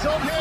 It's on here.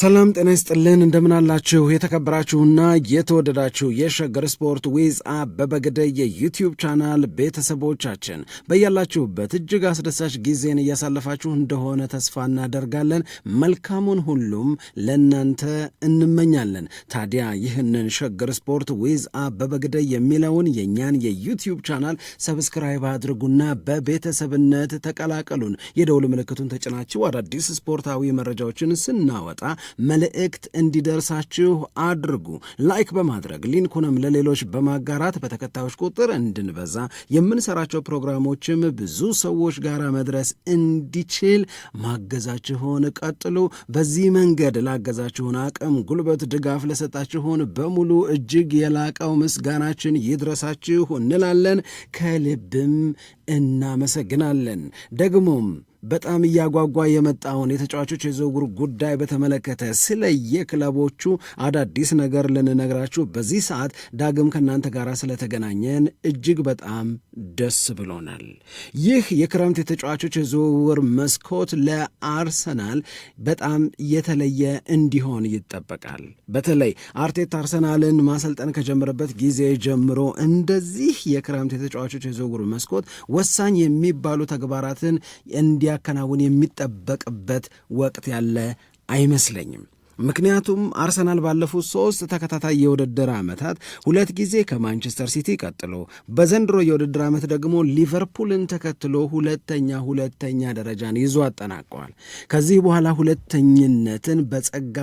ሰላም ጤና ይስጥልን እንደምናላችሁ የተከበራችሁና የተወደዳችሁ የሸገር ስፖርት ዊዝ አበበ ግደይ የዩቲዩብ ቻናል ቤተሰቦቻችን በያላችሁበት እጅግ አስደሳች ጊዜን እያሳለፋችሁ እንደሆነ ተስፋ እናደርጋለን። መልካሙን ሁሉም ለእናንተ እንመኛለን። ታዲያ ይህንን ሸገር ስፖርት ዊዝ አበበ ግደይ የሚለውን የእኛን የዩትዩብ ቻናል ሰብስክራይብ አድርጉና በቤተሰብነት ተቀላቀሉን። የደውል ምልክቱን ተጭናችሁ አዳዲስ ስፖርታዊ መረጃዎችን ስናወጣ መልእክት እንዲደርሳችሁ አድርጉ። ላይክ በማድረግ ሊንኩንም ለሌሎች በማጋራት በተከታዮች ቁጥር እንድንበዛ የምንሰራቸው ፕሮግራሞችም ብዙ ሰዎች ጋር መድረስ እንዲችል ማገዛችሁን ቀጥሉ። በዚህ መንገድ ላገዛችሁን አቅም፣ ጉልበት፣ ድጋፍ ለሰጣችሁን በሙሉ እጅግ የላቀው ምስጋናችን ይድረሳችሁ እንላለን። ከልብም እናመሰግናለን። ደግሞም በጣም እያጓጓ የመጣውን የተጫዋቾች የዝውውር ጉዳይ በተመለከተ ስለ የክለቦቹ አዳዲስ ነገር ልንነግራችሁ በዚህ ሰዓት ዳግም ከእናንተ ጋር ስለተገናኘን እጅግ በጣም ደስ ብሎናል። ይህ የክረምት የተጫዋቾች የዝውውር መስኮት ለአርሰናል በጣም የተለየ እንዲሆን ይጠበቃል። በተለይ አርቴት አርሰናልን ማሰልጠን ከጀመረበት ጊዜ ጀምሮ እንደዚህ የክረምት የተጫዋቾች የዝውውር መስኮት ወሳኝ የሚባሉ ተግባራትን እንዲ እንዲያከናውን የሚጠበቅበት ወቅት ያለ አይመስለኝም። ምክንያቱም አርሰናል ባለፉት ሶስት ተከታታይ የውድድር ዓመታት ሁለት ጊዜ ከማንቸስተር ሲቲ ቀጥሎ በዘንድሮ የውድድር ዓመት ደግሞ ሊቨርፑልን ተከትሎ ሁለተኛ ሁለተኛ ደረጃን ይዞ አጠናቀዋል። ከዚህ በኋላ ሁለተኝነትን በጸጋ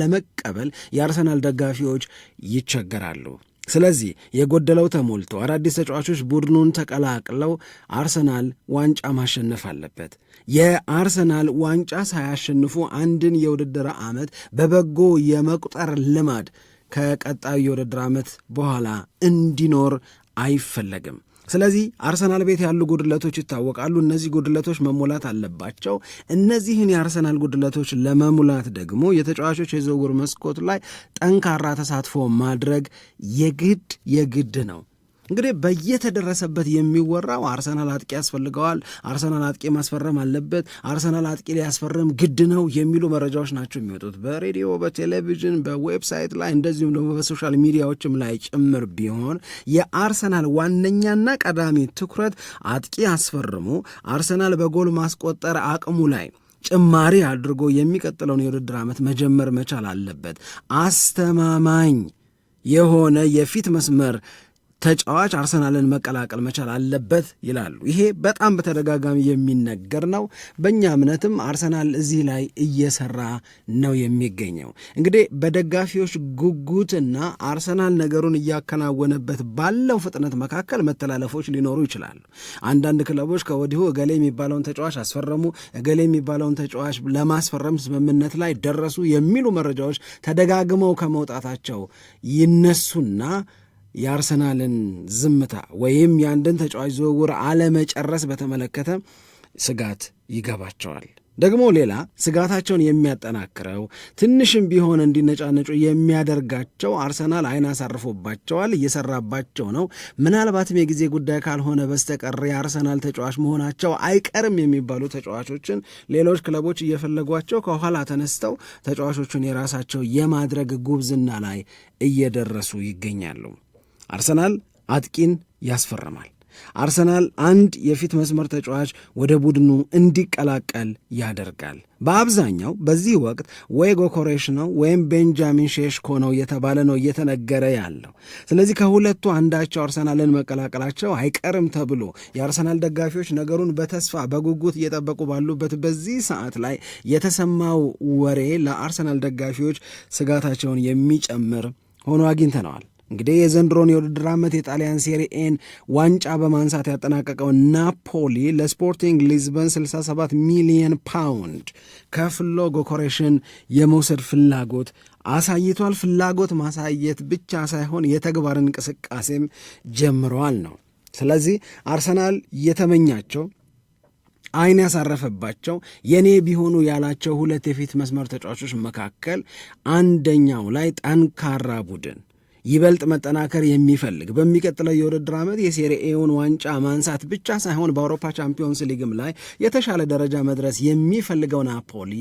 ለመቀበል የአርሰናል ደጋፊዎች ይቸገራሉ። ስለዚህ የጎደለው ተሞልቶ አዳዲስ ተጫዋቾች ቡድኑን ተቀላቅለው አርሰናል ዋንጫ ማሸነፍ አለበት። የአርሰናል ዋንጫ ሳያሸንፉ አንድን የውድድር ዓመት በበጎ የመቁጠር ልማድ ከቀጣዩ የውድድር ዓመት በኋላ እንዲኖር አይፈለግም። ስለዚህ አርሰናል ቤት ያሉ ጉድለቶች ይታወቃሉ። እነዚህ ጉድለቶች መሙላት አለባቸው። እነዚህን የአርሰናል ጉድለቶች ለመሙላት ደግሞ የተጫዋቾች የዝውውር መስኮት ላይ ጠንካራ ተሳትፎ ማድረግ የግድ የግድ ነው። እንግዲህ በየተደረሰበት የሚወራው አርሰናል አጥቂ ያስፈልገዋል፣ አርሰናል አጥቂ ማስፈረም አለበት፣ አርሰናል አጥቂ ሊያስፈርም ግድ ነው የሚሉ መረጃዎች ናቸው የሚወጡት በሬዲዮ፣ በቴሌቪዥን፣ በዌብሳይት ላይ እንደዚሁም ደግሞ በሶሻል ሚዲያዎችም ላይ ጭምር ቢሆን የአርሰናል ዋነኛና ቀዳሚ ትኩረት አጥቂ አስፈርሙ፣ አርሰናል በጎል ማስቆጠር አቅሙ ላይ ጭማሪ አድርጎ የሚቀጥለውን የውድድር ዓመት መጀመር መቻል አለበት አስተማማኝ የሆነ የፊት መስመር ተጫዋች አርሰናልን መቀላቀል መቻል አለበት ይላሉ። ይሄ በጣም በተደጋጋሚ የሚነገር ነው። በእኛ እምነትም አርሰናል እዚህ ላይ እየሰራ ነው የሚገኘው። እንግዲህ በደጋፊዎች ጉጉትና አርሰናል ነገሩን እያከናወነበት ባለው ፍጥነት መካከል መተላለፎች ሊኖሩ ይችላሉ። አንዳንድ ክለቦች ከወዲሁ እገሌ የሚባለውን ተጫዋች አስፈረሙ፣ እገሌ የሚባለውን ተጫዋች ለማስፈረም ስምምነት ላይ ደረሱ የሚሉ መረጃዎች ተደጋግመው ከመውጣታቸው ይነሱና የአርሰናልን ዝምታ ወይም የአንድን ተጫዋች ዝውውር አለመጨረስ በተመለከተ ስጋት ይገባቸዋል። ደግሞ ሌላ ስጋታቸውን የሚያጠናክረው ትንሽም ቢሆን እንዲነጫነጩ የሚያደርጋቸው አርሰናል ዓይን አሳርፎባቸዋል፣ እየሰራባቸው ነው። ምናልባትም የጊዜ ጉዳይ ካልሆነ በስተቀር የአርሰናል ተጫዋች መሆናቸው አይቀርም የሚባሉ ተጫዋቾችን ሌሎች ክለቦች እየፈለጓቸው ከኋላ ተነስተው ተጫዋቾቹን የራሳቸው የማድረግ ጉብዝና ላይ እየደረሱ ይገኛሉ። አርሰናል አጥቂን ያስፈርማል። አርሰናል አንድ የፊት መስመር ተጫዋች ወደ ቡድኑ እንዲቀላቀል ያደርጋል። በአብዛኛው በዚህ ወቅት ወይ ጎኮሬሽ ነው ወይም ቤንጃሚን ሼሽኮ ነው እየተባለ ነው እየተነገረ ያለው። ስለዚህ ከሁለቱ አንዳቸው አርሰናልን መቀላቀላቸው አይቀርም ተብሎ የአርሰናል ደጋፊዎች ነገሩን በተስፋ በጉጉት እየጠበቁ ባሉበት በዚህ ሰዓት ላይ የተሰማው ወሬ ለአርሰናል ደጋፊዎች ስጋታቸውን የሚጨምር ሆኖ አግኝተነዋል። እንግዲህ የዘንድሮን የውድድር ዓመት የጣሊያን ሴሪኤን ዋንጫ በማንሳት ያጠናቀቀው ናፖሊ ለስፖርቲንግ ሊዝበን 67 ሚሊየን ፓውንድ ከፍሎ ጎኮሬሽን የመውሰድ ፍላጎት አሳይቷል። ፍላጎት ማሳየት ብቻ ሳይሆን የተግባር እንቅስቃሴም ጀምረዋል ነው። ስለዚህ አርሰናል የተመኛቸው አይን ያሳረፈባቸው የኔ ቢሆኑ ያላቸው ሁለት የፊት መስመር ተጫዋቾች መካከል አንደኛው ላይ ጠንካራ ቡድን ይበልጥ መጠናከር የሚፈልግ በሚቀጥለው የውድድር ዓመት የሴሪኤውን ዋንጫ ማንሳት ብቻ ሳይሆን በአውሮፓ ቻምፒዮንስ ሊግም ላይ የተሻለ ደረጃ መድረስ የሚፈልገው ናፖሊ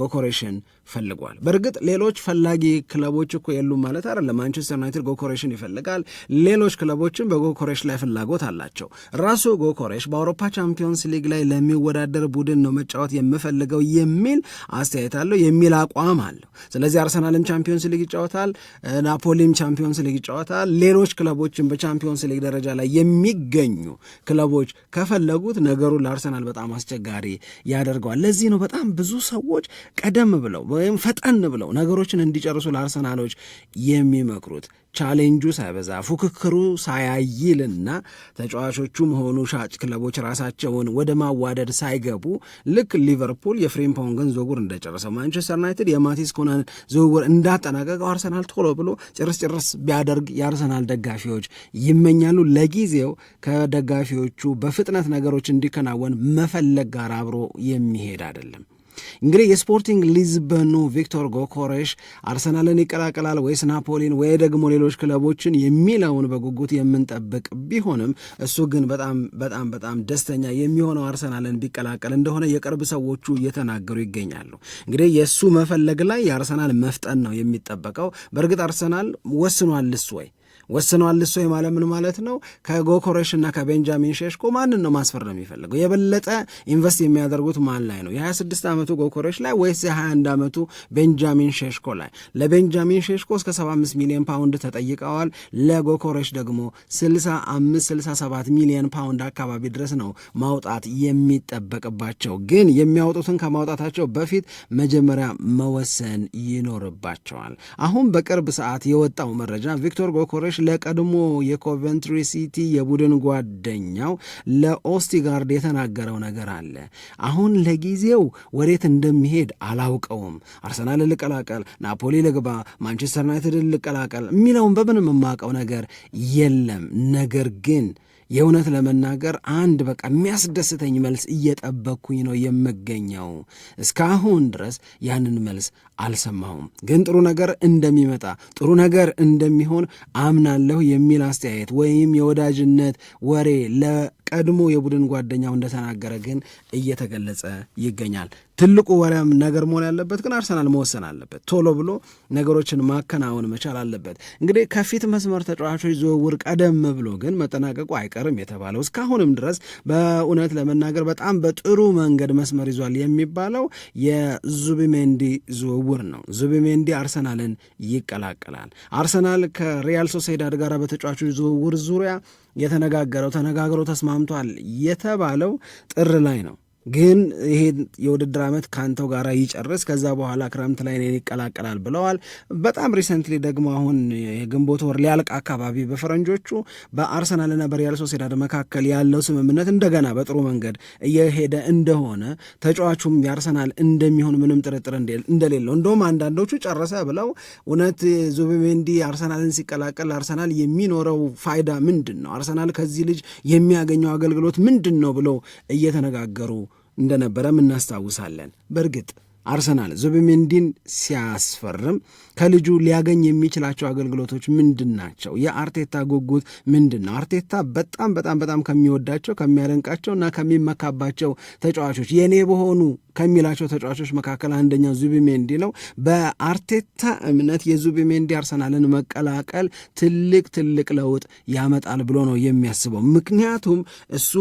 ጎኮሬሽን ፈልጓል። በእርግጥ ሌሎች ፈላጊ ክለቦች እኮ የሉም ማለት አይደለም። ማንቸስተር ዩናይትድ ጎኮሬሽን ይፈልጋል። ሌሎች ክለቦችም በጎኮሬሽ ላይ ፍላጎት አላቸው። ራሱ ጎኮሬሽ በአውሮፓ ቻምፒዮንስ ሊግ ላይ ለሚወዳደር ቡድን ነው መጫወት የምፈልገው የሚል አስተያየት አለው፣ የሚል አቋም አለው። ስለዚህ አርሰናልም ቻምፒዮንስ ሊግ ይጫወታል፣ ናፖሊም ቻምፒዮን የቻምፒዮንስ ሊግ ጨዋታ ሌሎች ክለቦችን በቻምፒዮንስ ሊግ ደረጃ ላይ የሚገኙ ክለቦች ከፈለጉት ነገሩን ለአርሰናል በጣም አስቸጋሪ ያደርገዋል። ለዚህ ነው በጣም ብዙ ሰዎች ቀደም ብለው ወይም ፈጠን ብለው ነገሮችን እንዲጨርሱ ለአርሰናሎች የሚመክሩት። ቻሌንጁ ሳይበዛ ፉክክሩ ሳያይልና ተጫዋቾቹም ሆኑ ሻጭ ክለቦች ራሳቸውን ወደ ማዋደድ ሳይገቡ ልክ ሊቨርፑል የፍሬምፖንግን ዝውውር እንደጨረሰው፣ ማንቸስተር ዩናይትድ የማቲስ ኩናን ዝውውር እንዳጠናቀቀው አርሰናል ቶሎ ብሎ ጭርስ ጭርስ ቢያደርግ የአርሰናል ደጋፊዎች ይመኛሉ። ለጊዜው ከደጋፊዎቹ በፍጥነት ነገሮች እንዲከናወን መፈለግ ጋር አብሮ የሚሄድ አይደለም። እንግዲህ የስፖርቲንግ ሊዝበኑ ቪክቶር ጎኮሬሽ አርሰናልን ይቀላቀላል ወይስ ናፖሊን ወይ ደግሞ ሌሎች ክለቦችን የሚለውን በጉጉት የምንጠብቅ ቢሆንም እሱ ግን በጣም በጣም በጣም ደስተኛ የሚሆነው አርሰናልን ቢቀላቀል እንደሆነ የቅርብ ሰዎቹ እየተናገሩ ይገኛሉ። እንግዲህ የእሱ መፈለግ ላይ የአርሰናል መፍጠን ነው የሚጠበቀው። በእርግጥ አርሰናል ወስኗልስ ወይ ወስኗል። እሱ የማለት ማለት ነው? ከጎኮሬሽ እና ከቤንጃሚን ሼሽኮ ማንን ነው ነው የሚፈልገው? የበለጠ ኢንቨስት የሚያደርጉት ማን ላይ ነው? የ26 ዓመቱ ጎኮሬሽ ላይ ወይስ የ21 ዓመቱ ቤንጃሚን ሼሽኮ ላይ? ለቤንጃሚን ሼሽኮ እስከ 75 ሚሊዮን ፓውንድ ተጠይቀዋል። ለጎኮሬሽ ደግሞ 65 67 ሚሊዮን ፓውንድ አካባቢ ድረስ ነው ማውጣት የሚጠበቅባቸው። ግን የሚያወጡትን ከማውጣታቸው በፊት መጀመሪያ መወሰን ይኖርባቸዋል። አሁን በቅርብ ሰዓት የወጣው መረጃ ቪክቶር ጎኮሬሽ ለቀድሞ የኮቨንትሪ ሲቲ የቡድን ጓደኛው ለኦስቲጋርድ የተናገረው ነገር አለ። አሁን ለጊዜው ወዴት እንደሚሄድ አላውቀውም። አርሰናል ልቀላቀል፣ ናፖሊ ልግባ፣ ማንቸስተር ዩናይትድ ልቀላቀል የሚለውን በምንም የማውቀው ነገር የለም። ነገር ግን የእውነት ለመናገር አንድ በቃ የሚያስደስተኝ መልስ እየጠበቅኩኝ ነው የምገኘው። እስካሁን ድረስ ያንን መልስ አልሰማሁም፣ ግን ጥሩ ነገር እንደሚመጣ ጥሩ ነገር እንደሚሆን አምናለሁ የሚል አስተያየት ወይም የወዳጅነት ወሬ ለቀድሞ የቡድን ጓደኛው እንደተናገረ ግን እየተገለጸ ይገኛል። ትልቁ ወሪያም ነገር መሆን ያለበት ግን አርሰናል መወሰን አለበት። ቶሎ ብሎ ነገሮችን ማከናወን መቻል አለበት። እንግዲህ ከፊት መስመር ተጫዋቾች ዝውውር ቀደም ብሎ ግን መጠናቀቁ አይቀርም የተባለው እስካሁንም ድረስ በእውነት ለመናገር በጣም በጥሩ መንገድ መስመር ይዟል የሚባለው የዙቢሜንዲ ዝውውር ዝውውር ነው። ዙቢሜንዲ አርሰናልን ይቀላቀላል። አርሰናል ከሪያል ሶሴዳድ ጋር በተጫዋቾች ዝውውር ዙሪያ የተነጋገረው ተነጋግሮ ተስማምቷል የተባለው ጥር ላይ ነው። ግን ይሄ የውድድር ዓመት ከአንተው ጋር ይጨርስ፣ ከዛ በኋላ ክረምት ላይ እኔን ይቀላቀላል ብለዋል። በጣም ሪሰንትሊ ደግሞ አሁን የግንቦት ወር ሊያልቅ አካባቢ በፈረንጆቹ በአርሰናልና በሪያል ሶሴዳድ መካከል ያለው ስምምነት እንደገና በጥሩ መንገድ እየሄደ እንደሆነ ተጫዋቹም የአርሰናል እንደሚሆን ምንም ጥርጥር እንደሌለው እንደውም አንዳንዶቹ ጨረሰ ብለው እውነት ዙቢሜንዲ አርሰናልን ሲቀላቀል አርሰናል የሚኖረው ፋይዳ ምንድን ነው፣ አርሰናል ከዚህ ልጅ የሚያገኘው አገልግሎት ምንድን ነው ብለው እየተነጋገሩ እንደነበረም እናስታውሳለን። በእርግጥ አርሰናል ዙብሜንዲን ሲያስፈርም ከልጁ ሊያገኝ የሚችላቸው አገልግሎቶች ምንድን ናቸው? የአርቴታ ጉጉት ምንድን ነው? አርቴታ በጣም በጣም በጣም ከሚወዳቸው ከሚያደንቃቸው እና ከሚመካባቸው ተጫዋቾች የኔ በሆኑ ከሚላቸው ተጫዋቾች መካከል አንደኛው ዙቢሜንዲ ነው። በአርቴታ እምነት የዙቢሜንዲ አርሰናልን መቀላቀል ትልቅ ትልቅ ለውጥ ያመጣል ብሎ ነው የሚያስበው። ምክንያቱም እሱ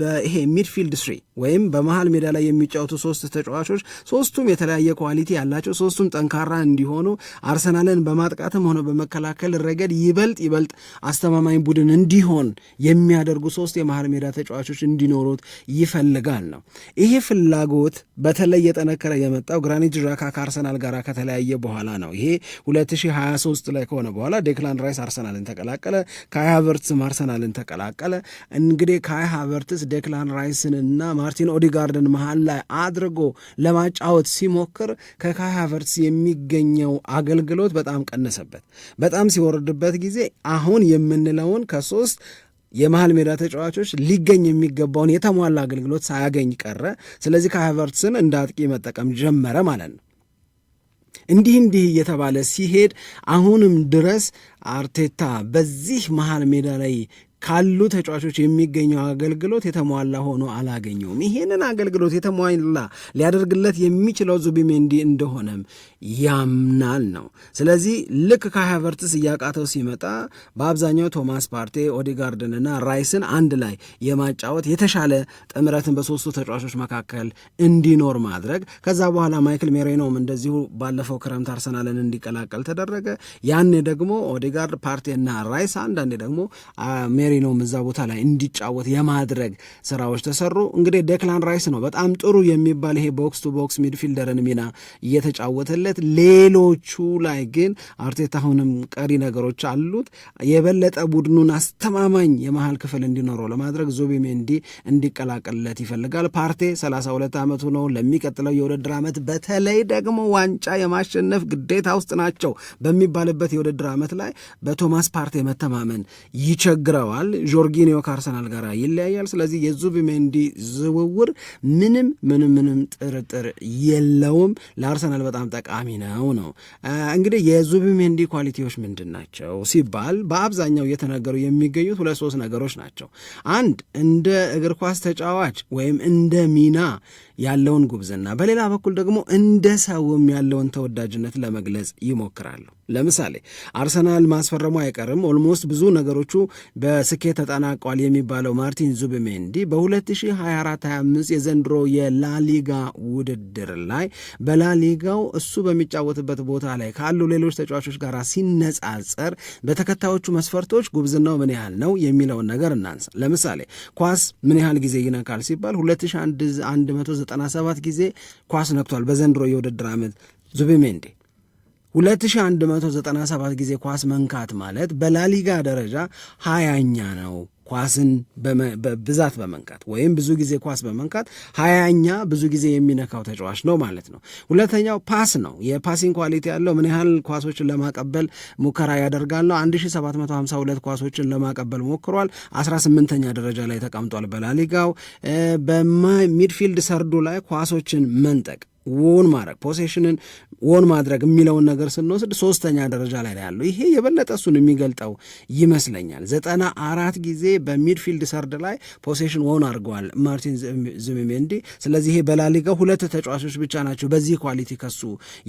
በይሄ ሚድፊልድ ስሪ ወይም በመሃል ሜዳ ላይ የሚጫወቱ ሶስት ተጫዋቾች ሶስቱም የተለያየ ኳሊቲ ያላቸው፣ ሶስቱም ጠንካራ እንዲሆኑ አርሰናልን በማጥቃትም ሆነ በመከላከል ረገድ ይበልጥ ይበልጥ አስተማማኝ ቡድን እንዲሆን የሚያደርጉ ሶስት የመሀል ሜዳ ተጫዋቾች እንዲኖሩት ይፈልጋል ነው። ይሄ ፍላጎት በተለይ የጠነከረ የመጣው ግራኒት ዣካ ከአርሰናል ጋር ከተለያየ በኋላ ነው። ይሄ 2023 ላይ ከሆነ በኋላ ዴክላን ራይስ አርሰናልን ተቀላቀለ፣ ካይ ሃቨርትስም አርሰናልን ተቀላቀለ። እንግዲህ ካይ ሃቨርትስ ዴክላን ራይስንና ማርቲን ኦዲጋርድን መሀል ላይ አድርጎ ለማጫወት ሲሞክር ከካይ ሃቨርትስ የሚገኘው አገልግሎት በጣም ቀነሰበት። በጣም ሲወርድበት ጊዜ አሁን የምንለውን ከሶስት የመሀል ሜዳ ተጫዋቾች ሊገኝ የሚገባውን የተሟላ አገልግሎት ሳያገኝ ቀረ። ስለዚህ ከሀቨርትስን እንደ አጥቂ መጠቀም ጀመረ ማለት ነው። እንዲህ እንዲህ እየተባለ ሲሄድ አሁንም ድረስ አርቴታ በዚህ መሀል ሜዳ ላይ ካሉ ተጫዋቾች የሚገኘው አገልግሎት የተሟላ ሆኖ አላገኘውም። ይሄንን አገልግሎት የተሟላ ሊያደርግለት የሚችለው ዙቢሜንዲ እንደሆነም ያምናል ነው። ስለዚህ ልክ ከሃቨርትስ እያቃተው ሲመጣ በአብዛኛው ቶማስ ፓርቴ፣ ኦዲጋርድንና ራይስን አንድ ላይ የማጫወት የተሻለ ጥምረትን በሶስቱ ተጫዋቾች መካከል እንዲኖር ማድረግ ከዛ በኋላ ማይክል ሜሬኖም እንደዚሁ ባለፈው ክረምት አርሰናልን እንዲቀላቀል ተደረገ። ያኔ ደግሞ ኦዴጋርድ ፓርቴና ራይስ አንዳንዴ ደግሞ ሜሪኖም እዛ ቦታ ላይ እንዲጫወት የማድረግ ስራዎች ተሰሩ። እንግዲህ ደክላን ራይስ ነው በጣም ጥሩ የሚባል ይሄ ቦክስ ቱ ቦክስ ሚድፊልደርን ሚና እየተጫወተለት፣ ሌሎቹ ላይ ግን አርቴታ አሁንም ቀሪ ነገሮች አሉት። የበለጠ ቡድኑን አስተማማኝ የመሀል ክፍል እንዲኖረው ለማድረግ ዙቢሜንዲ እንዲቀላቀልለት ይፈልጋል። ፓርቴ 32 ዓመቱ ነው። ለሚቀጥለው የውድድር ዓመት በተለይ ደግሞ ዋንጫ የማሸነፍ ግዴታ ውስጥ ናቸው በሚባልበት የውድድር ዓመት ላይ በቶማስ ፓርቴ መተማመን ይቸግረዋል። ተብሏል። ጆርጊኒዮ ከአርሰናል ጋር ይለያያል። ስለዚህ የዙቢሜንዲ ዝውውር ምንም ምንም ምንም ጥርጥር የለውም ለአርሰናል በጣም ጠቃሚ ነው ነው እንግዲህ የዙቢሜንዲ ኳሊቲዎች ምንድን ናቸው ሲባል በአብዛኛው እየተነገሩ የሚገኙት ሁለት ሶስት ነገሮች ናቸው። አንድ እንደ እግር ኳስ ተጫዋች ወይም እንደ ሚና ያለውን ጉብዝና፣ በሌላ በኩል ደግሞ እንደ ሰውም ያለውን ተወዳጅነት ለመግለጽ ይሞክራሉ። ለምሳሌ አርሰናል ማስፈረሙ አይቀርም። ኦልሞስት ብዙ ነገሮቹ በስኬት ተጠናቋል የሚባለው ማርቲን ዙብሜንዲ በ2024/25 የዘንድሮ የላሊጋ ውድድር ላይ በላሊጋው እሱ በሚጫወትበት ቦታ ላይ ካሉ ሌሎች ተጫዋቾች ጋር ሲነጻጸር በተከታዮቹ መስፈርቶች ጉብዝናው ምን ያህል ነው የሚለውን ነገር እናንሳ። ለምሳሌ ኳስ ምን ያህል ጊዜ ይነካል ሲባል 97 ጊዜ ኳስ ነክቷል። በዘንድሮ የውድድር ዓመት ዙቢሜንዲ 2197 ጊዜ ኳስ መንካት ማለት በላሊጋ ደረጃ ሀያኛ ነው። ኳስን ብዛት በመንካት ወይም ብዙ ጊዜ ኳስ በመንካት ሀያኛ ብዙ ጊዜ የሚነካው ተጫዋች ነው ማለት ነው። ሁለተኛው ፓስ ነው። የፓሲንግ ኳሊቲ ያለው ምን ያህል ኳሶችን ለማቀበል ሙከራ ያደርጋል ነው። 1752 ኳሶችን ለማቀበል ሞክሯል። 18ኛ ደረጃ ላይ ተቀምጧል በላሊጋው። በሚድፊልድ ሰርዱ ላይ ኳሶችን መንጠቅ ውን ማድረግ ፖሴሽንን ውን ማድረግ የሚለውን ነገር ስንወስድ ሶስተኛ ደረጃ ላይ ያለው ይሄ የበለጠ እሱን የሚገልጠው ይመስለኛል። ዘጠና አራት ጊዜ በሚድፊልድ ሰርድ ላይ ፖሴሽን ውን አድርገዋል ማርቲን ዙቢሜንዲ። ስለዚህ ይሄ በላሊጋው ሁለት ተጫዋቾች ብቻ ናቸው በዚህ ኳሊቲ ከሱ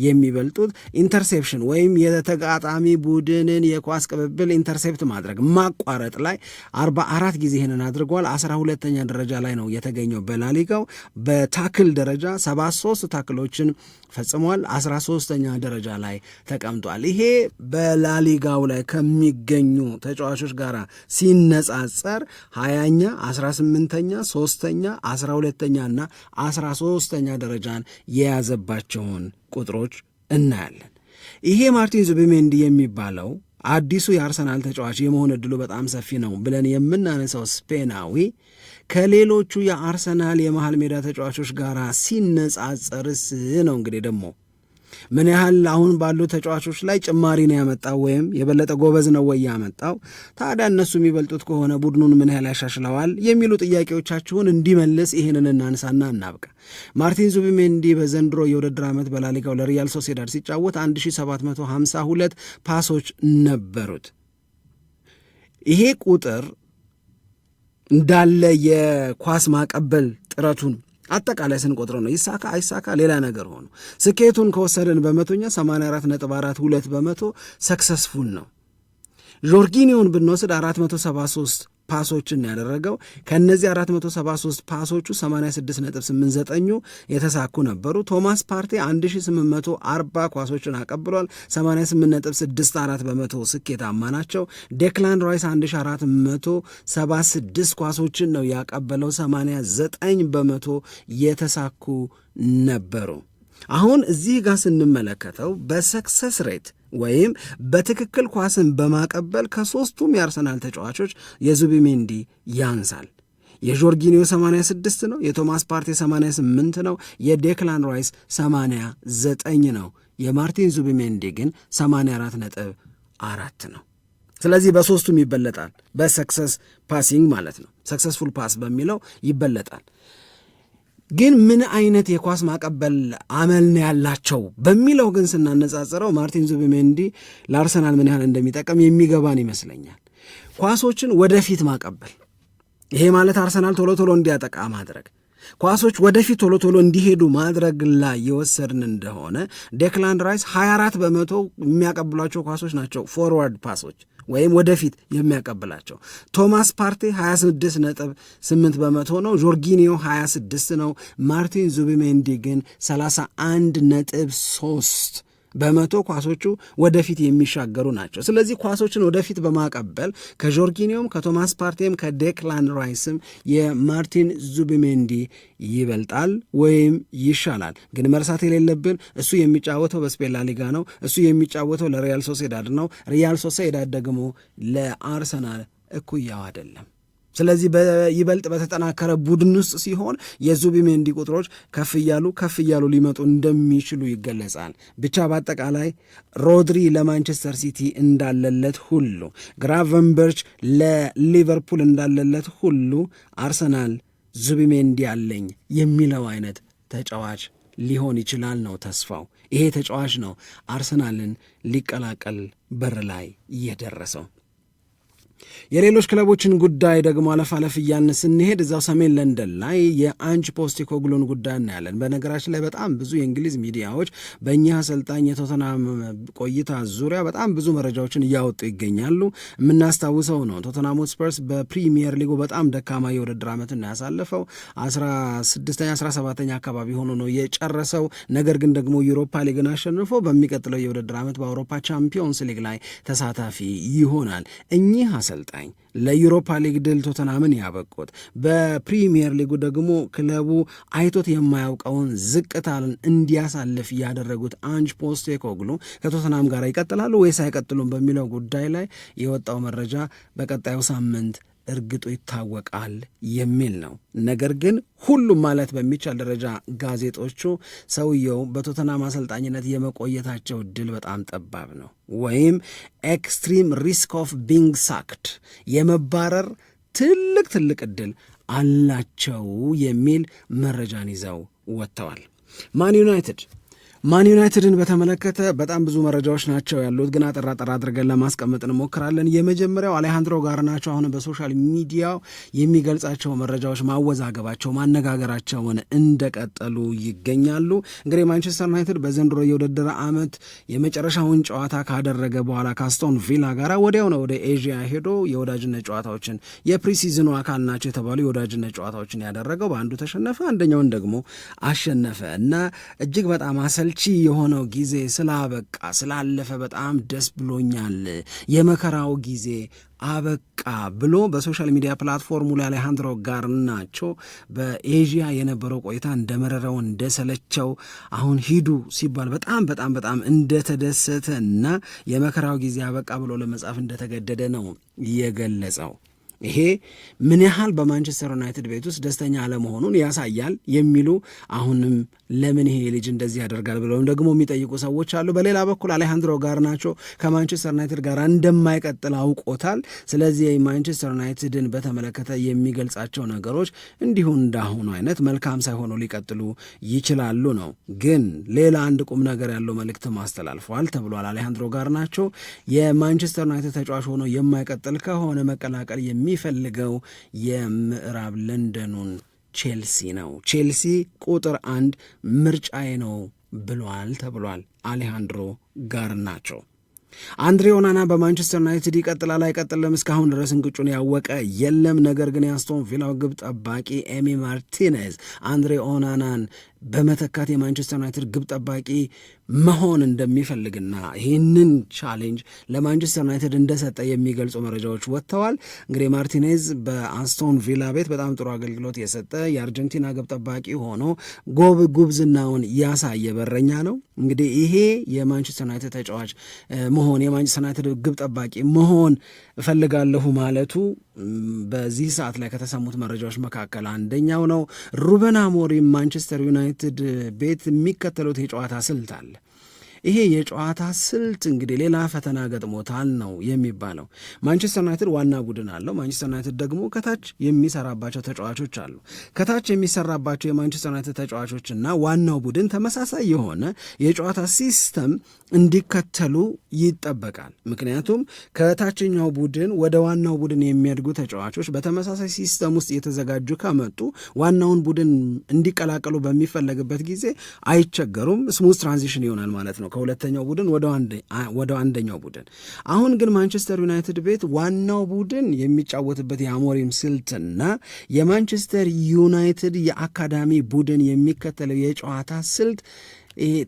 የሚበልጡት። ኢንተርሴፕሽን ወይም የተጋጣሚ ቡድንን የኳስ ቅብብል ኢንተርሴፕት ማድረግ ማቋረጥ ላይ አርባ አራት ጊዜ ይህንን አድርገዋል። አስራ ሁለተኛ ደረጃ ላይ ነው የተገኘው በላሊጋው በታክል ደረጃ ሰባ ሶስት ታክሎችን ፈጽሟል። 13ተኛ ደረጃ ላይ ተቀምጧል። ይሄ በላሊጋው ላይ ከሚገኙ ተጫዋቾች ጋር ሲነጻጸር 2 ኛ 18ተኛ፣ ሶስተኛ፣ 12ተኛ እና 13ተኛ ደረጃን የያዘባቸውን ቁጥሮች እናያለን። ይሄ ማርቲን ዙቢሜንዲ የሚባለው አዲሱ የአርሰናል ተጫዋች የመሆን እድሉ በጣም ሰፊ ነው ብለን የምናነሳው ስፔናዊ ከሌሎቹ የአርሰናል የመሃል ሜዳ ተጫዋቾች ጋር ሲነጻጸርስ ነው እንግዲህ ደግሞ ምን ያህል አሁን ባሉ ተጫዋቾች ላይ ጭማሪ ነው ያመጣው ወይም የበለጠ ጎበዝ ነው ወይ ያመጣው? ታዲያ እነሱ የሚበልጡት ከሆነ ቡድኑን ምን ያህል ያሻሽለዋል? የሚሉ ጥያቄዎቻችሁን እንዲመልስ ይህንን እናንሳና እናብቃ። ማርቲን ዙቢሜንዲ በዘንድሮ የውድድር ዓመት በላሊጋው ለሪያል ሶሴዳድ ሲጫወት 1752 ፓሶች ነበሩት። ይሄ ቁጥር እንዳለ የኳስ ማቀበል ጥረቱን አጠቃላይ ስንቆጥረው ነው። ይሳካ አይሳካ ሌላ ነገር ሆኖ ስኬቱን ከወሰድን በመቶኛ 84.42 በመቶ ሰክሰስፉል ነው። ጆርጊኒዮን ብንወስድ 473 ፓሶችን ያደረገው ከእነዚህ 473 ፓሶቹ 86.89ኙ የተሳኩ ነበሩ። ቶማስ ፓርቴ 1840 ኳሶችን አቀብሏል፣ 88.64 በመቶ ስኬታማ ናቸው። ዴክላን ራይስ 1476 ኳሶችን ነው ያቀበለው፣ 89 በመቶ የተሳኩ ነበሩ። አሁን እዚህ ጋር ስንመለከተው በሰክሰስ ሬት ወይም በትክክል ኳስን በማቀበል ከሦስቱም የአርሰናል ተጫዋቾች የዙቢሜንዲ ያንሳል። የጆርጊኒዮ 86 ነው። የቶማስ ፓርቴ 88 ነው። የዴክላን ራይስ 89 ነው። የማርቲን ዙቢሜንዲ ግን 84 ነጥብ አራት ነው። ስለዚህ በሦስቱም ይበለጣል። በሰክሰስ ፓሲንግ ማለት ነው። ሰክሰስፉል ፓስ በሚለው ይበለጣል። ግን ምን አይነት የኳስ ማቀበል አመል ነው ያላቸው በሚለው ግን ስናነጻጽረው ማርቲን ዙቢሜንዲ ለአርሰናል ምን ያህል እንደሚጠቀም የሚገባን ይመስለኛል። ኳሶችን ወደፊት ማቀበል፣ ይሄ ማለት አርሰናል ቶሎ ቶሎ እንዲያጠቃ ማድረግ፣ ኳሶች ወደፊት ቶሎ ቶሎ እንዲሄዱ ማድረግ ላይ የወሰድን እንደሆነ ዴክላንድ ራይስ 24 በመቶ የሚያቀብሏቸው ኳሶች ናቸው ፎርዋርድ ፓሶች ወይም ወደፊት የሚያቀብላቸው። ቶማስ ፓርቴ 26 ነጥብ 8 በመቶ ነው። ጆርጊኒዮ 26 ነው። ማርቲን ዙቢሜንዲ ግን 31 ነጥብ 3 በመቶ ኳሶቹ ወደፊት የሚሻገሩ ናቸው። ስለዚህ ኳሶችን ወደፊት በማቀበል ከጆርጊኒዮም ከቶማስ ፓርቴም ከዴክላን ራይስም የማርቲን ዙቢሜንዲ ይበልጣል ወይም ይሻላል። ግን መርሳት የሌለብን እሱ የሚጫወተው በስፔን ላሊጋ ነው። እሱ የሚጫወተው ለሪያል ሶሴዳድ ነው። ሪያል ሶሴዳድ ደግሞ ለአርሰናል እኩያው አይደለም። ስለዚህ ይበልጥ በተጠናከረ ቡድን ውስጥ ሲሆን የዙቢሜንዲ ቁጥሮች ከፍ እያሉ ከፍ እያሉ ሊመጡ እንደሚችሉ ይገለጻል። ብቻ በአጠቃላይ ሮድሪ ለማንቸስተር ሲቲ እንዳለለት ሁሉ፣ ግራቨንበርች ለሊቨርፑል እንዳለለት ሁሉ አርሰናል ዙቢሜንዲ አለኝ የሚለው አይነት ተጫዋች ሊሆን ይችላል ነው ተስፋው። ይሄ ተጫዋች ነው አርሰናልን ሊቀላቀል በር ላይ የደረሰው። የሌሎች ክለቦችን ጉዳይ ደግሞ አለፍ አለፍ እያን ስንሄድ እዛው ሰሜን ለንደን ላይ የአንጅ ፖስቴኮግሉን ጉዳይ እናያለን። በነገራችን ላይ በጣም ብዙ የእንግሊዝ ሚዲያዎች በእኚህ አሰልጣኝ የቶተናም ቆይታ ዙሪያ በጣም ብዙ መረጃዎችን እያወጡ ይገኛሉ። የምናስታውሰው ነው ቶተናም ስፐርስ በፕሪሚየር ሊጉ በጣም ደካማ የውድድር ዓመትን ነው ያሳለፈው። 16ኛ 17ኛ አካባቢ ሆኖ ነው የጨረሰው። ነገር ግን ደግሞ ዩሮፓ ሊግን አሸንፎ በሚቀጥለው የውድድር ዓመት በአውሮፓ ቻምፒዮንስ ሊግ ላይ ተሳታፊ ይሆናል። እኚህ አሰልጣኝ ለዩሮፓ ሊግ ድል ቶተናምን ያበቁት፣ በፕሪሚየር ሊጉ ደግሞ ክለቡ አይቶት የማያውቀውን ዝቅታልን እንዲያሳልፍ ያደረጉት አንጅ ፖስቴኮግሉ ከቶተናም ጋር ይቀጥላሉ ወይስ አይቀጥሉም በሚለው ጉዳይ ላይ የወጣው መረጃ በቀጣዩ ሳምንት እርግጡ ይታወቃል የሚል ነው። ነገር ግን ሁሉም ማለት በሚቻል ደረጃ ጋዜጦቹ ሰውየው በቶተናም አሰልጣኝነት የመቆየታቸው እድል በጣም ጠባብ ነው ወይም ኤክስትሪም ሪስክ ኦፍ ቢንግ ሳክድ የመባረር ትልቅ ትልቅ እድል አላቸው የሚል መረጃን ይዘው ወጥተዋል። ማን ዩናይትድ ማን ዩናይትድን በተመለከተ በጣም ብዙ መረጃዎች ናቸው ያሉት፣ ግን አጠራ ጠራ አድርገን ለማስቀመጥ እንሞክራለን። የመጀመሪያው አሌሃንድሮ ጋርናቾ አሁን በሶሻል ሚዲያው የሚገልጻቸው መረጃዎች ማወዛገባቸው፣ ማነጋገራቸውን እንደቀጠሉ ይገኛሉ። እንግዲህ ማንቸስተር ዩናይትድ በዘንድሮ የውድድር ዓመት የመጨረሻውን ጨዋታ ካደረገ በኋላ ካስቶን ቪላ ጋር ወዲያው ነው ወደ ኤዥያ ሄዶ የወዳጅነት ጨዋታዎችን የፕሪሲዝኑ አካል ናቸው የተባሉ የወዳጅነት ጨዋታዎችን ያደረገው። በአንዱ ተሸነፈ፣ አንደኛውን ደግሞ አሸነፈ እና እጅግ በጣም አሰል አሰልቺ የሆነው ጊዜ ስላበቃ ስላለፈ በጣም ደስ ብሎኛል፣ የመከራው ጊዜ አበቃ ብሎ በሶሻል ሚዲያ ፕላትፎርሙ ላይ አሌሃንድሮ ጋርናቾ በኤዥያ የነበረው ቆይታ እንደመረረው እንደሰለቸው፣ አሁን ሂዱ ሲባል በጣም በጣም በጣም እንደተደሰተ እና የመከራው ጊዜ አበቃ ብሎ ለመጻፍ እንደተገደደ ነው የገለጸው። ይሄ ምን ያህል በማንቸስተር ዩናይትድ ቤት ውስጥ ደስተኛ አለመሆኑን ያሳያል የሚሉ አሁንም ለምን ይሄ ልጅ እንደዚህ ያደርጋል ብለውም ደግሞ የሚጠይቁ ሰዎች አሉ። በሌላ በኩል አሌሃንድሮ ጋርናቾ ከማንቸስተር ዩናይትድ ጋር እንደማይቀጥል አውቆታል። ስለዚህ ማንቸስተር ዩናይትድን በተመለከተ የሚገልጻቸው ነገሮች እንዲሁ እንዳሁኑ አይነት መልካም ሳይሆኑ ሊቀጥሉ ይችላሉ ነው። ግን ሌላ አንድ ቁም ነገር ያለው መልእክት አስተላልፈዋል ተብሏል። አሌሃንድሮ ጋርናቾ የማንቸስተር ዩናይትድ ተጫዋች ሆኖ የማይቀጥል ከሆነ መቀላቀል የሚ የሚፈልገው የምዕራብ ለንደኑን ቼልሲ ነው። ቼልሲ ቁጥር አንድ ምርጫዬ ነው ብሏል ተብሏል። አሌሃንድሮ ጋር ናቸው። አንድሬ ኦናና በማንቸስተር ዩናይትድ ይቀጥላል አይቀጥልም? እስካሁን ድረስ እንቅጩን ያወቀ የለም። ነገር ግን የአስቶን ቪላው ግብ ጠባቂ ኤሚ ማርቲኔዝ አንድሬ ኦናናን በመተካት የማንቸስተር ዩናይትድ ግብ ጠባቂ መሆን እንደሚፈልግና ይህንን ቻሌንጅ ለማንቸስተር ዩናይትድ እንደሰጠ የሚገልጹ መረጃዎች ወጥተዋል። እንግዲህ ማርቲኔዝ በአስቶን ቪላ ቤት በጣም ጥሩ አገልግሎት የሰጠ የአርጀንቲና ግብ ጠባቂ ሆኖ ጎብ ጉብዝናውን ያሳየ በረኛ ነው። እንግዲህ ይሄ የማንቸስተር ዩናይትድ ተጫዋች መሆን የማንቸስተር ዩናይትድ ግብ ጠባቂ መሆን እፈልጋለሁ ማለቱ በዚህ ሰዓት ላይ ከተሰሙት መረጃዎች መካከል አንደኛው ነው። ሩበን አሞሪም ማንቸስተር ዩናይትድ ቤት የሚከተሉት የጨዋታ ስልት አለ። ይሄ የጨዋታ ስልት እንግዲህ ሌላ ፈተና ገጥሞታል ነው የሚባለው። ማንቸስተር ዩናይትድ ዋና ቡድን አለው። ማንቸስተር ዩናይትድ ደግሞ ከታች የሚሰራባቸው ተጫዋቾች አሉ። ከታች የሚሰራባቸው የማንቸስተር ዩናይትድ ና ዋናው ቡድን ተመሳሳይ የሆነ የጨዋታ ሲስተም እንዲከተሉ ይጠበቃል። ምክንያቱም ከታችኛው ቡድን ወደ ዋናው ቡድን የሚያድጉ ተጫዋቾች በተመሳሳይ ሲስተም ውስጥ እየተዘጋጁ ከመጡ ዋናውን ቡድን እንዲቀላቀሉ በሚፈለግበት ጊዜ አይቸገሩም። ስሙዝ ትራንዚሽን ይሆናል ማለት ነው ነው ከሁለተኛው ቡድን ወደ አንደኛው ቡድን። አሁን ግን ማንቸስተር ዩናይትድ ቤት ዋናው ቡድን የሚጫወትበት የአሞሪም ስልትና የማንቸስተር ዩናይትድ የአካዳሚ ቡድን የሚከተለው የጨዋታ ስልት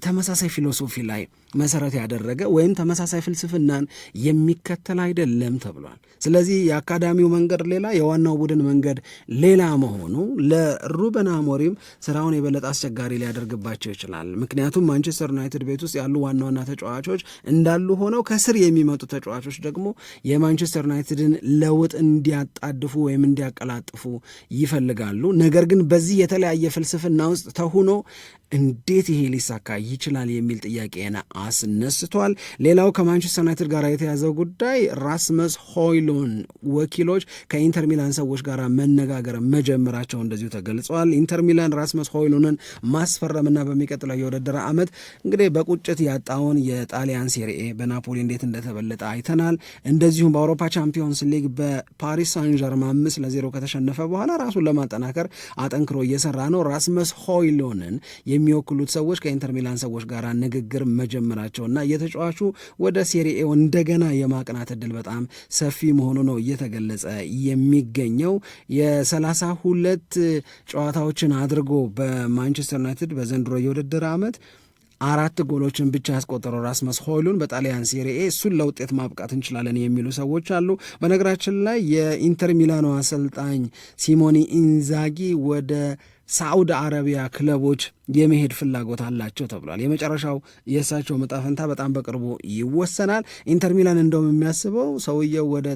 ተመሳሳይ ፊሎሶፊ ላይ መሰረት ያደረገ ወይም ተመሳሳይ ፍልስፍናን የሚከተል አይደለም ተብሏል። ስለዚህ የአካዳሚው መንገድ ሌላ፣ የዋናው ቡድን መንገድ ሌላ መሆኑ ለሩበን አሞሪም ስራውን የበለጠ አስቸጋሪ ሊያደርግባቸው ይችላል። ምክንያቱም ማንቸስተር ዩናይትድ ቤት ውስጥ ያሉ ዋና ዋና ተጫዋቾች እንዳሉ ሆነው ከስር የሚመጡ ተጫዋቾች ደግሞ የማንቸስተር ዩናይትድን ለውጥ እንዲያጣድፉ ወይም እንዲያቀላጥፉ ይፈልጋሉ። ነገር ግን በዚህ የተለያየ ፍልስፍና ውስጥ ተሁኖ እንዴት ይሄ ሊሳካ ይችላል የሚል ጥያቄን አስነስቷል። ሌላው ከማንቸስተር ዩናይትድ ጋር የተያዘው ጉዳይ ራስመስ ሆይሎን ወኪሎች ከኢንተር ሚላን ሰዎች ጋር መነጋገር መጀመራቸው እንደዚሁ ተገልጿል። ኢንተር ሚላን ራስመስ ሆይሉንን ማስፈረምና በሚቀጥለው የውድድር ዓመት እንግዲህ በቁጭት ያጣውን የጣሊያን ሴሪኤ በናፖሊ እንዴት እንደተበለጠ አይተናል። እንደዚሁም በአውሮፓ ቻምፒዮንስ ሊግ በፓሪስ ሳን ዠርማ አምስት ለዜሮ ከተሸነፈ በኋላ ራሱን ለማጠናከር አጠንክሮ እየሰራ ነው። ራስመስ ሆይሉንን የሚወክሉት ሰዎች ከኢንተር ሚላን ሰዎች ጋር ንግግር መጀመራቸው እና የተጫዋቹ ወደ ሴሪኤው እንደገና የማቅናት እድል በጣም ሰፊ መሆኑ ነው እየተገለጸ የሚገኘው። የሰላሳ ሁለት ጨዋታዎችን አድርጎ በማንቸስተር ዩናይትድ በዘንድሮ የውድድር ዓመት አራት ጎሎችን ብቻ ያስቆጠረው ራስመስ ሆይሉን በጣሊያን ሴሪኤ እሱን ለውጤት ማብቃት እንችላለን የሚሉ ሰዎች አሉ። በነገራችን ላይ የኢንተር ሚላኖ አሰልጣኝ ሲሞኒ ኢንዛጊ ወደ ሳዑድ አረቢያ ክለቦች የመሄድ ፍላጎት አላቸው ተብሏል። የመጨረሻው የእሳቸው መጣፈንታ በጣም በቅርቡ ይወሰናል። ኢንተር ሚላን እንደውም የሚያስበው ሰውየው ወደ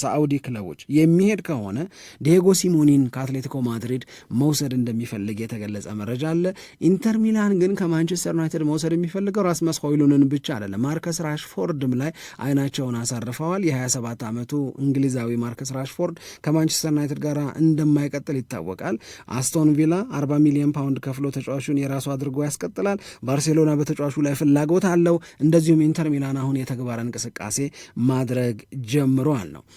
ሳዑዲ ክለቦች የሚሄድ ከሆነ ዲየጎ ሲሞኒን ከአትሌቲኮ ማድሪድ መውሰድ እንደሚፈልግ የተገለጸ መረጃ አለ። ኢንተር ሚላን ግን ከማንቸስተር ዩናይትድ መውሰድ የሚፈልገው ራስመስ ሆይሉንን ብቻ አይደለም፣ ማርከስ ራሽፎርድም ላይ አይናቸውን አሳርፈዋል። የ27 ዓመቱ እንግሊዛዊ ማርከስ ራሽፎርድ ከማንቸስተር ዩናይትድ ጋር እንደማይቀጥል ይታወቃል። አስቶን ቪላ 40 ሚሊዮን ፓውንድ ከፍሎ ተጫዋቹን የራሱ አድርጎ ያስቀጥላል። ባርሴሎና በተጫዋቹ ላይ ፍላጎት አለው። እንደዚሁም ኢንተር ሚላን አሁን የተግባር እንቅስቃሴ ማድረግ ጀምሯል ነው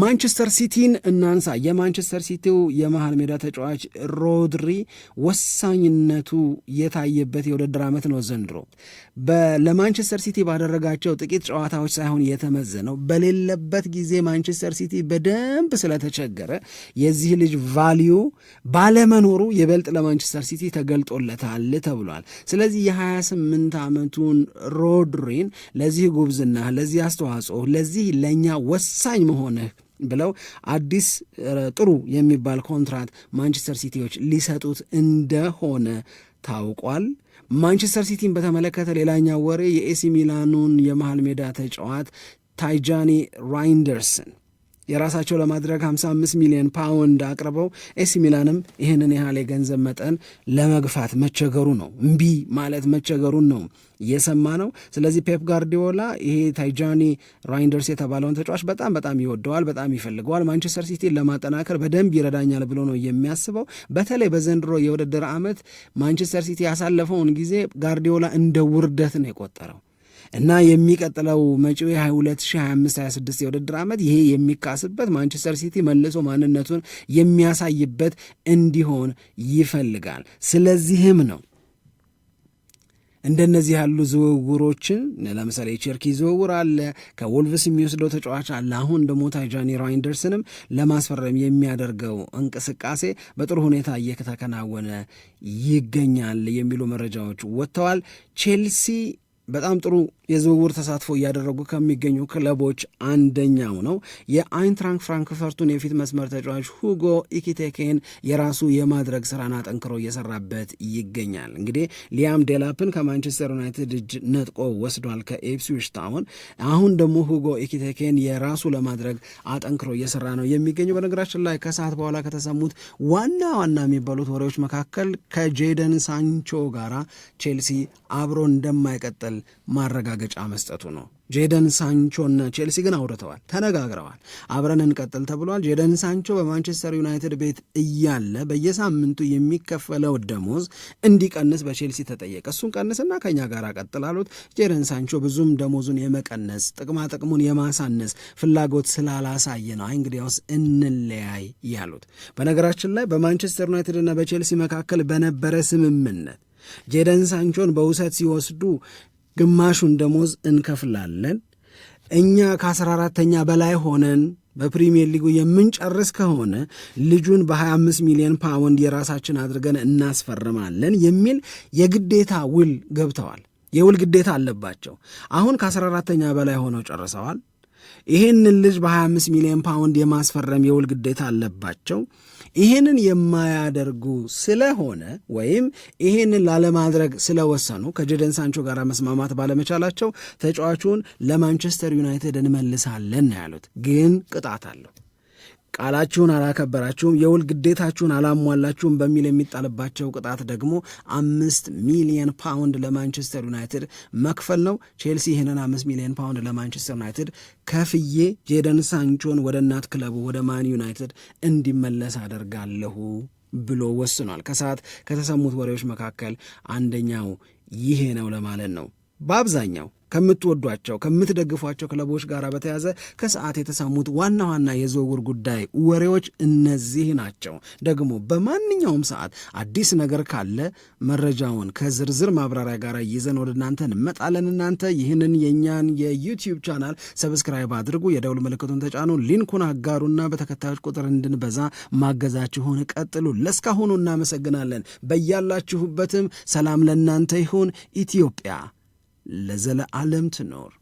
ማንቸስተር ሲቲን እናንሳ። የማንቸስተር ሲቲው የመሀል ሜዳ ተጫዋች ሮድሪ ወሳኝነቱ የታየበት የውድድር ዓመት ነው ዘንድሮ። ለማንቸስተር ሲቲ ባደረጋቸው ጥቂት ጨዋታዎች ሳይሆን የተመዘነው በሌለበት ጊዜ ማንቸስተር ሲቲ በደንብ ስለተቸገረ የዚህ ልጅ ቫሊዩ ባለመኖሩ የበልጥ ለማንቸስተር ሲቲ ተገልጦለታል ተብሏል። ስለዚህ የ28 ዓመቱን ሮድሪን ለዚህ ጉብዝና፣ ለዚህ አስተዋጽኦ፣ ለዚህ ለእኛ ወሳኝ መሆንህ ብለው አዲስ ጥሩ የሚባል ኮንትራት ማንቸስተር ሲቲዎች ሊሰጡት እንደሆነ ታውቋል። ማንቸስተር ሲቲን በተመለከተ ሌላኛው ወሬ የኤሲ ሚላኑን የመሃል ሜዳ ተጫዋት ታይጃኒ ራይንደርስን የራሳቸው ለማድረግ 55 ሚሊዮን ፓውንድ አቅርበው ኤሲ ሚላንም ይህንን ያህል የገንዘብ መጠን ለመግፋት መቸገሩ ነው እምቢ ማለት መቸገሩን ነው እየሰማ ነው። ስለዚህ ፔፕ ጋርዲዮላ ይሄ ታይጃኒ ራይንደርስ የተባለውን ተጫዋች በጣም በጣም ይወደዋል፣ በጣም ይፈልገዋል። ማንቸስተር ሲቲን ለማጠናከር በደንብ ይረዳኛል ብሎ ነው የሚያስበው። በተለይ በዘንድሮ የውድድር ዓመት ማንቸስተር ሲቲ ያሳለፈውን ጊዜ ጋርዲዮላ እንደ ውርደት ነው የቆጠረው። እና የሚቀጥለው መጪው የ2025/26 የውድድር ዓመት ይሄ የሚካስበት ማንቸስተር ሲቲ መልሶ ማንነቱን የሚያሳይበት እንዲሆን ይፈልጋል። ስለዚህም ነው እንደነዚህ ያሉ ዝውውሮችን ለምሳሌ የቸርኪ ዝውውር አለ፣ ከወልቭስ የሚወስደው ተጫዋች አለ። አሁን ደግሞ ታጃኒ ራይንደርስንም ለማስፈረም የሚያደርገው እንቅስቃሴ በጥሩ ሁኔታ እየተከናወነ ይገኛል የሚሉ መረጃዎች ወጥተዋል። ቼልሲ በጣም ጥሩ የዝውውር ተሳትፎ እያደረጉ ከሚገኙ ክለቦች አንደኛው ነው። የአይንትራንክ ፍራንክፈርቱን የፊት መስመር ተጫዋች ሁጎ ኢኪቴኬን የራሱ የማድረግ ስራን አጠንክሮ እየሰራበት ይገኛል። እንግዲህ ሊያም ዴላፕን ከማንቸስተር ዩናይትድ እጅ ነጥቆ ወስዷል ከኢፕስዊች ታውን። አሁን ደግሞ ሁጎ ኢኪቴኬን የራሱ ለማድረግ አጠንክሮ እየሰራ ነው የሚገኘው። በነገራችን ላይ ከሰዓት በኋላ ከተሰሙት ዋና ዋና የሚባሉት ወሬዎች መካከል ከጄደን ሳንቾ ጋራ ቼልሲ አብሮ እንደማይቀጥል ማረጋገ ማረጋገጫ መስጠቱ ነው። ጄደን ሳንቾና ቼልሲ ግን አውርተዋል፣ ተነጋግረዋል። አብረን እንቀጥል ተብሏል። ጄደን ሳንቾ በማንቸስተር ዩናይትድ ቤት እያለ በየሳምንቱ የሚከፈለው ደሞዝ እንዲቀንስ በቼልሲ ተጠየቀ። እሱን ቀንስና ከኛ ጋር ቀጥል አሉት። ጄደን ሳንቾ ብዙም ደሞዙን የመቀነስ ጥቅማ ጥቅሙን የማሳነስ ፍላጎት ስላላሳየ ነው። አይ እንግዲያውስ እንለያይ ያሉት። በነገራችን ላይ በማንቸስተር ዩናይትድና በቼልሲ መካከል በነበረ ስምምነት ጄደን ሳንቾን በውሰት ሲወስዱ ግማሹን ደሞዝ እንከፍላለን። እኛ ከአስራ አራተኛ በላይ ሆነን በፕሪሚየር ሊጉ የምንጨርስ ከሆነ ልጁን በ25 ሚሊዮን ፓውንድ የራሳችን አድርገን እናስፈርማለን የሚል የግዴታ ውል ገብተዋል። የውል ግዴታ አለባቸው። አሁን ከአስራ አራተኛ በላይ ሆነው ጨርሰዋል። ይህንን ልጅ በ25 ሚሊዮን ፓውንድ የማስፈረም የውል ግዴታ አለባቸው። ይህንን የማያደርጉ ስለሆነ ወይም ይህንን ላለማድረግ ስለወሰኑ ከጀደን ሳንቾ ጋር መስማማት ባለመቻላቸው ተጫዋቹን ለማንቸስተር ዩናይትድ እንመልሳለን ያሉት ግን ቅጣት አለው። ቃላችሁን አላከበራችሁም፣ የውል ግዴታችሁን አላሟላችሁም በሚል የሚጣልባቸው ቅጣት ደግሞ አምስት ሚሊየን ፓውንድ ለማንቸስተር ዩናይትድ መክፈል ነው። ቼልሲ ይህንን አምስት ሚሊየን ፓውንድ ለማንቸስተር ዩናይትድ ከፍዬ ጄደን ሳንቾን ወደ እናት ክለቡ ወደ ማን ዩናይትድ እንዲመለስ አደርጋለሁ ብሎ ወስኗል። ከሰዓት ከተሰሙት ወሬዎች መካከል አንደኛው ይሄ ነው ለማለት ነው። በአብዛኛው ከምትወዷቸው ከምትደግፏቸው ክለቦች ጋር በተያዘ ከሰዓት የተሰሙት ዋና ዋና የዝውውር ጉዳይ ወሬዎች እነዚህ ናቸው። ደግሞ በማንኛውም ሰዓት አዲስ ነገር ካለ መረጃውን ከዝርዝር ማብራሪያ ጋር ይዘን ወደ እናንተ እንመጣለን። እናንተ ይህንን የእኛን የዩቲዩብ ቻናል ሰብስክራይብ አድርጉ፣ የደውል ምልክቱን ተጫኑ፣ ሊንኩን አጋሩና በተከታዮች ቁጥር እንድንበዛ ማገዛችሁን ቀጥሉ። ለእስካሁኑ እናመሰግናለን። በያላችሁበትም ሰላም ለእናንተ ይሁን። ኢትዮጵያ ለዘለዓለም ትኖር።